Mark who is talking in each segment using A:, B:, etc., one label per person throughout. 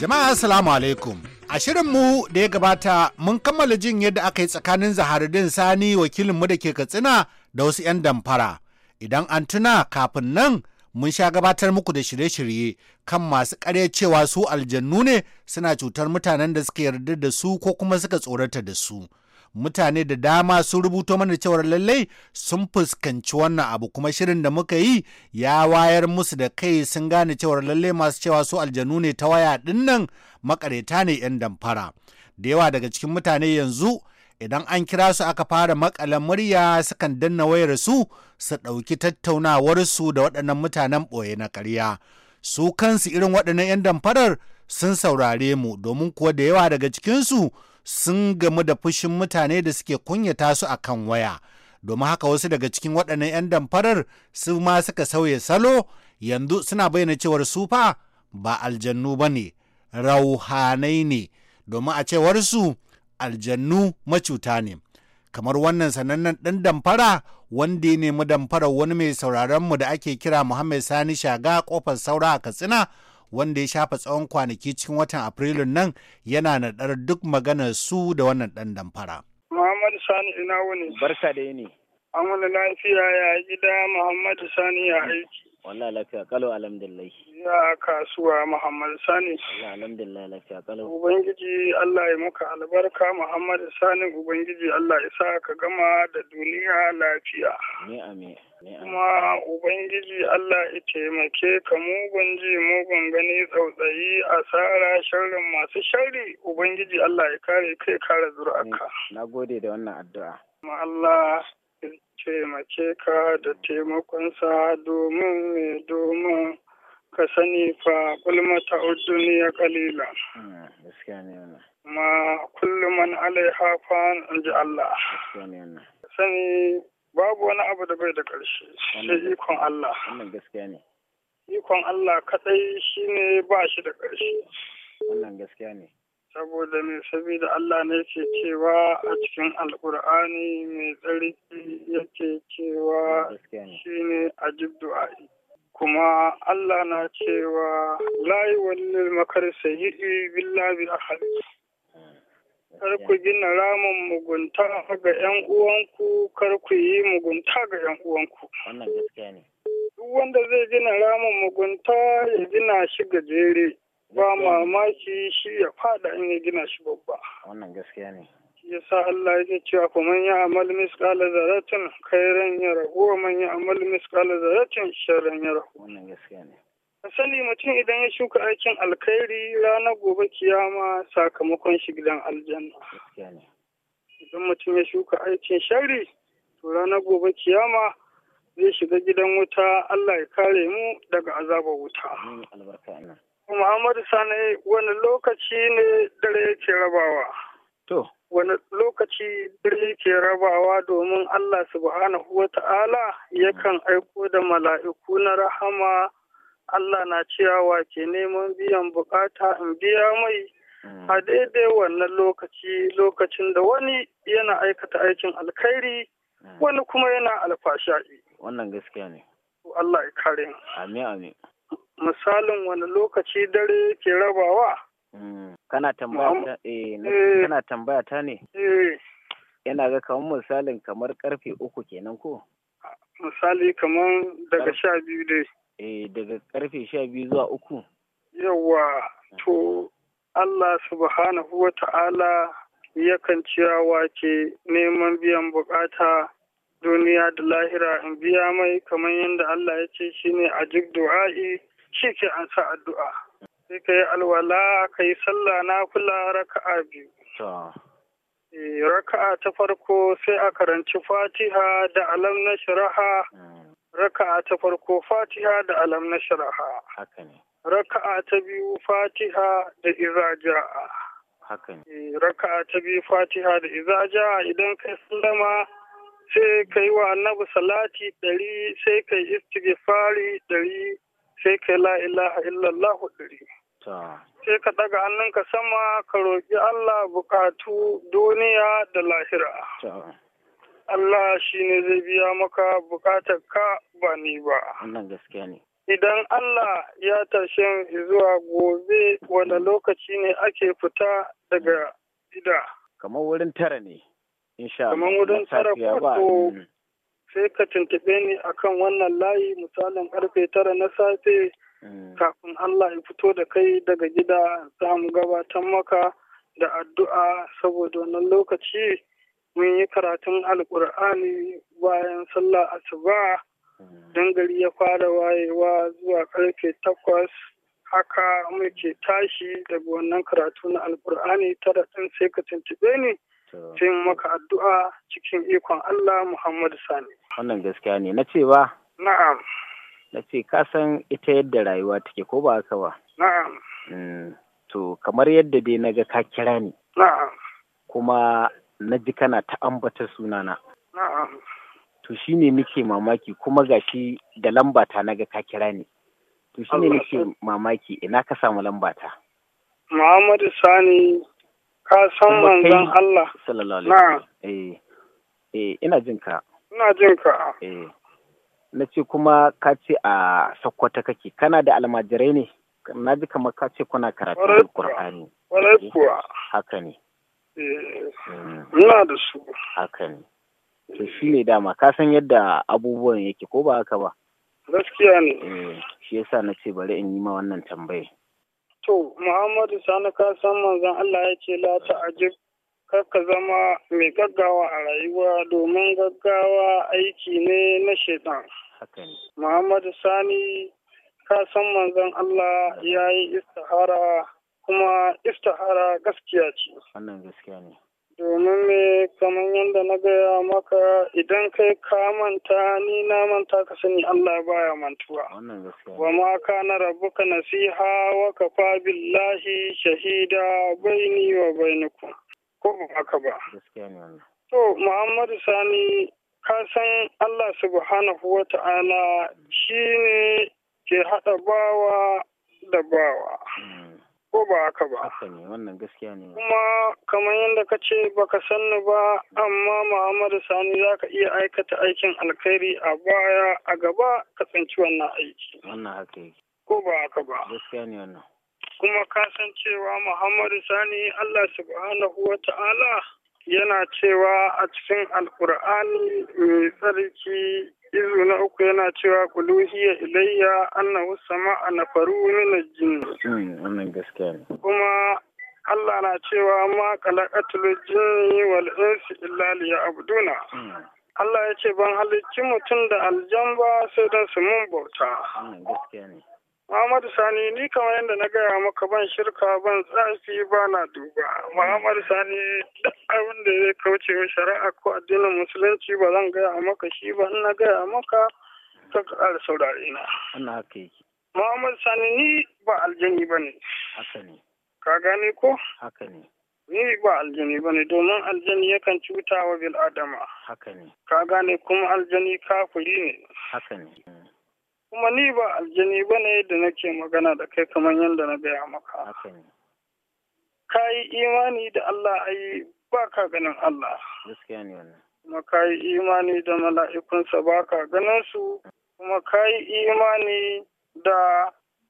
A: Jama'a Assalamu alaikum. A shirinmu da ya gabata mun kammala jin yadda aka yi tsakanin Zaharuddin Sani wakilin mu da ke Katsina da wasu 'yan damfara. Idan an tuna kafin nan mun sha gabatar muku da shirye-shirye kan masu karya cewa su aljannu ne suna cutar mutanen da suka yarda da su ko kuma suka tsorata da su. mutane da dama sun rubuto mana cewar lallai sun fuskanci wannan abu kuma shirin da muka yi ya wayar musu da kai sun gane cewar lallai masu cewa su aljanu ne ta waya dinnan makareta ne 'yan damfara da yawa daga cikin mutane yanzu idan an kira su aka fara makala murya sukan danna wayar su su ɗauki su da waɗannan mutanen ɓoye na ƙarya su kansu irin waɗannan 'yan damfarar sun saurare mu domin kuwa da yawa daga cikinsu sun gamu da fushin mutane da suke kunyata su a kan waya domin haka wasu daga cikin waɗannan 'yan damfarar su ma suka sauya salo yanzu suna bayyana cewar su fa ba aljannu ba ne rauhanai ne domin a cewar su aljannu macuta ne kamar wannan sanannen ɗan damfara wanda ya nemi damfarar wani mai sauraronmu da ake kira Muhammad Sani Shaga ƙofar saura a Katsina wanda ya shafa tsawon kwanaki cikin watan Afrilun nan yana naɗar duk maganar su da wannan ɗan damfara.
B: Muhammadu Sani ina wuni. Barka da yini. An wani lafiya ya gida Muhammadu Sani ya aiki. Wallah lafiya kalo alhamdulillah. Na kasuwa Muhammad Sani. Allah alhamdulillah lafiya kalo. Ubangiji Allah ya muka albarka Muhammad Sani Ubangiji Allah ya sa ka gama da duniya lafiya. Ni ame. Kuma Ubangiji Allah ya taimake ka mugun ji mugun gani tsautsayi asara sharrin masu sharri Ubangiji Allah ya kare kai kare zuri'arka.
C: Na gode da wannan addu'a.
B: Allah ce ka da taimakonsa domin domin ka sani fa kulmata duniya kalila. Ah, Ma kullum an alaiha hafan, in ji Allah. Sani babu wani abu da bai da ƙarshe, shi ikon Allah. Ikon Allah kaɗai shi ne ba shi da ƙarshe. Wannan gaskiya ne. saboda ne saboda Allah ne ke cewa a cikin alkur'ani mai tsarki yake cewa shi shine a du'a'i kuma Allah na cewa layi wani makar sayyi'i billahi halittu hmm. kar ku gina ramin mugunta ga yan uwanku kar ku yi mugunta ga yan uwanku duk wanda zai gina ramin mugunta ya gina shi gajere ba mamaki shi ya fada in ya gina shi babba
C: wannan gaskiya ne
B: sa Allah yake cewa ko man ya amal misqala zaratin khairan yarahu wa man ya amal misqala zaratin sharran yarahu wannan gaskiya ne asali mutum idan ya shuka aikin alkhairi ranar gobe kiyama sakamakon shi gidan aljanna idan mutum ya shuka aikin shari to ranar gobe kiyama zai shiga gidan wuta Allah ya kare mu daga azabar wuta Muhammadu Sani wani lokaci ne dare yake rabawa. To. Wani lokaci dare yake rabawa domin Allah subhanahu wa ta'ala yakan aiko da mala'iku na rahama Allah na ciyawa ke neman biyan bukata in biya mai hmm. a daidai wannan lokaci lokacin da wani yana aikata aikin alkhairi hmm. wani kuma yana alfashari. Wannan gaskiya ne. Allah ya kare. Amin amin. misalin wani lokaci dare ke rabawa. Mm, eh, eh. Kana
C: tambaya ta ne? Yana eh. ga kamar misalin kamar karfe uku kenan ko?
B: Misali kamar daga sha biyu dai. Eh daga
C: karfe sha biyu zuwa uku.
B: Yawwa to Allah subhanahu wa ta'ala yakan ciyawa ke neman biyan bukata duniya da lahira in biya mai kamar yadda Allah ya ce shi ne a duk du'a'i shi ke an sa addu'a sai ka yi alwala ka yi sallah na kula raka'a biyu eh, raka'a ta farko sai a karanci fatiha da alam na shiraha hmm. raka'a ta farko fatiha da alam na shiraha raka'a ta biyu fatiha da izaja'a eh, raka'a ta biyu fatiha da izaja'a idan kai sallama sai ka yi wa annabi salati ɗari sai ka yi istighfari ɗari sai ka la ilaha illallah ɗari. Sai ka daga hannunka sama ka roƙi Allah bukatu duniya da lahira. Allah shi ne zai biya maka bukatar ka ba ni ba.
C: Wannan gaskiya ne.
B: Idan Allah ya tashe zuwa gobe wani lokaci ne ake fita daga gida.
C: Kamar wurin tara ne. Insha Allah. Kamar wurin tara ko
B: sai ka tuntube ni akan wannan layi misalin karfe tara na safe mm. kafin Allah ya fito da kai daga gida za mu gabatar maka da addu'a saboda wannan lokaci mun yi karatun alkur'ani bayan sallah asuba mm. don gari ya fara wayewa zuwa karfe takwas haka muke tashi daga wannan karatu na alkur'ani tara ɗin sai ka tuntube ni sai maka addu'a cikin ikon Allah Muhammadu Sani.
C: Wannan gaskiya ne na ce ba? Na'am. Na ce ka san ita yadda rayuwa take ko ba haka ba? Na'am. Mm, to kamar yadda dai na ga ka kira ni. Na'am. Kuma na ji kana ta ambata sunana. Na'am. To shi ne nake mamaki kuma gashi da lambata na ga ka kira ni. To shi ne nake mamaki ina ka samu lambata.
B: Muhammadu Sani ka san manzon Allah.
C: Sallallahu alaihi wasallam. Eh. Eh, ina jin ka.
B: Ina jin ka. Eh.
C: Na ce kuma ka ce a Sokoto kake, kana da almajirai ne? Na ji kamar ka ce kuna karatu da Kur'ani. kuwa. Haka ne.
B: Eh, hmm. Ina da su. Haka ne.
C: To shi ne dama, ka san yadda abubuwan yake ko ba haka ba?
B: Gaskiya ne. Eh,
C: shi yasa na ce bari in yi ma wannan tambayi.
B: To, Muhammadu Sani ka san manzon Allah ya ce la ta'ajib ka zama mai gaggawa a rayuwa domin gaggawa aiki ne na shaitan. Muhammadu Sani ka san manzon Allah ya yi istihara kuma istihara gaskiya ce. Wannan gaskiya ne. Domin me kamar yadda na gaya maka idan kai ka manta ni na manta ka sani Allah baya mantuwa. Wa ma ka rabu ka nasiha wa fa billahi shahida baini wa ku. ko ba haka ba to muhammadu sani ka san allah subhanahu wa ta'ala shi ne ke haɗa bawa da bawa mm. ko ba haka ba kuma kamar yadda ka ce baka sanni ba amma muhammadu sani za ka iya aikata aikin alkhairi a baya a gaba ka tsinci wannan aiki ko ba haka ba gaskiya ne wannan kuma kasan cewa muhammadu sani allah subhanahu wa ta'ala yana cewa a cikin alkur'ani mai tsarki izu na uku yana cewa kuluhiya ilayya annahu a na faru na jini. kuma Allah na cewa ma kalakatul jini wal insi illa abduna. Hmm. Allah ya ce ban halicci mutum da aljamba sai don su mun bauta. Hmm, Muhammadu Sani ni kamar yadda na gaya maka ban shirka ban tsafi ba na duba. Muhammadu Sani duk abin da zai kauce wa shari'a ko addinin musulunci ba zan gaya maka shi ba in na gaya maka ta ƙara saurare na. haka yake. Muhammadu Sani ni ba aljani ba ne. Haka ne. Ka gane ko? Haka ne. Ni ba aljani ba ne domin aljani yakan cuta wa bil'adama. Haka ne. Ka gane kuma aljani kafiri ne.
C: Haka ne.
B: kuma ni ba aljani ba ne da nake magana da kai kamar yadda na gaya maka ka yi imani da Allah ai ba ka ganin Allah kuma ka yi imani da mala'ikunsa ba ka ganin su kuma ka yi imani da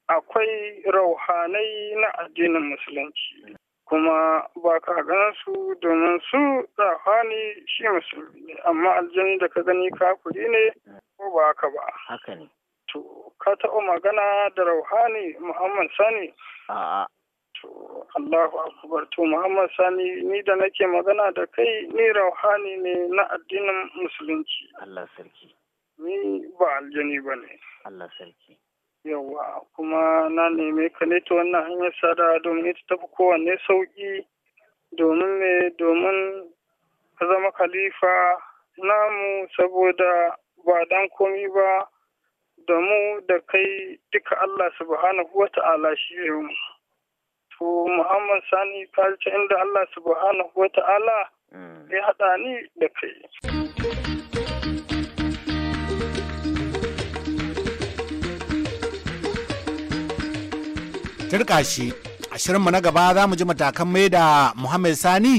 B: akwai rauhanai na addinin musulunci kuma ba ka ganin su domin su rauhani shi musulmi amma aljani da ka gani kafuri ne ko ba haka ba haka ne To, ka taɓa magana da Rauhani Muhammad Sani? To, Allahu Akbar, to Muhammad Sani ni da nake magana da kai ni Rauhani ne na addinin Musulunci. Allah sarki. Ni ba aljani ba ne. Allah sarki. Yawwa, kuma na neme ka ne wannan hanyar sada domin ita tafi kowanne sauƙi domin ne domin ka zama khalifa namu saboda ba dan komi ba. da mu da kai duka Allah subhanahu wa ta'ala shi mu. To Muhammad Sani ta inda Allah subhanahu wa ta'ala mm. ya haɗa ni da kai.
A: Turka shi, a shirinmu na gaba za mu ji matakan mai da Muhammad Sani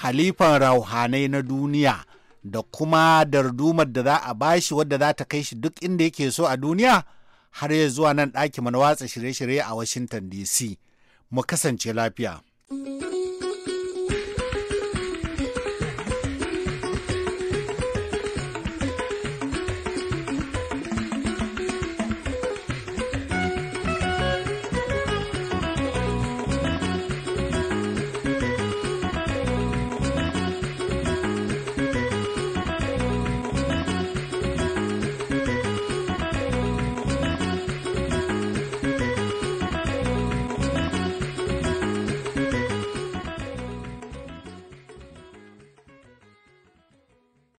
A: halifan rauhanai na duniya. da kuma dardumar da za a bashi wadda za ta kai shi duk inda yake so a duniya har ya zuwa nan ɗaki mana watsa shirye-shirye a Washington DC. Mu kasance lafiya.